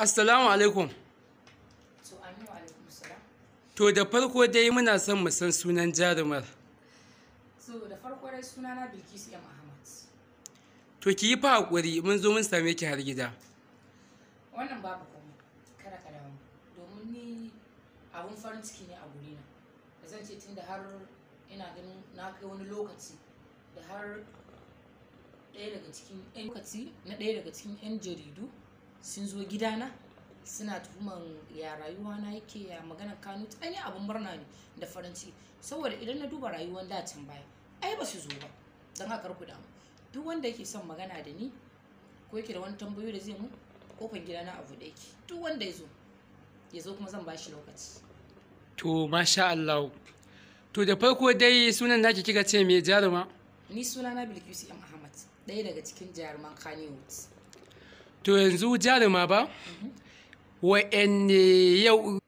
assalamu alaikum to da farko dai muna son mu san sunan jarumar so da farko dai sunana bilkisu m ahmad to ki yi fa hakuri mun zo mun same ki har gida wannan babu komai kada ka damu domin ni abun farin ciki ne a guri na da zan ce tunda har ina ganin na kai wani lokaci da har ɗaya daga cikin lokaci na ɗaya daga cikin ƴan jaridu sun zo gidana suna tuhuman ya rayuwa na yake ya magana kanu ta ai abin murna ne da faranci, saboda idan na duba rayuwar da can baya ai ba su zo ba don haka ku damu duk wanda yake son magana da ni ko yake da wani tambayoyi da zai mu kofar gidana abu buɗe yake duk wanda ya zo ya zo kuma zan ba shi lokaci to masha Allah to da farko dai sunan naki kika ce mai jaruma ni sunana Bilkisu M Ahmad ɗaya daga cikin jaruman Kanye to yanzu jaruma ba mhm. wa'anne yau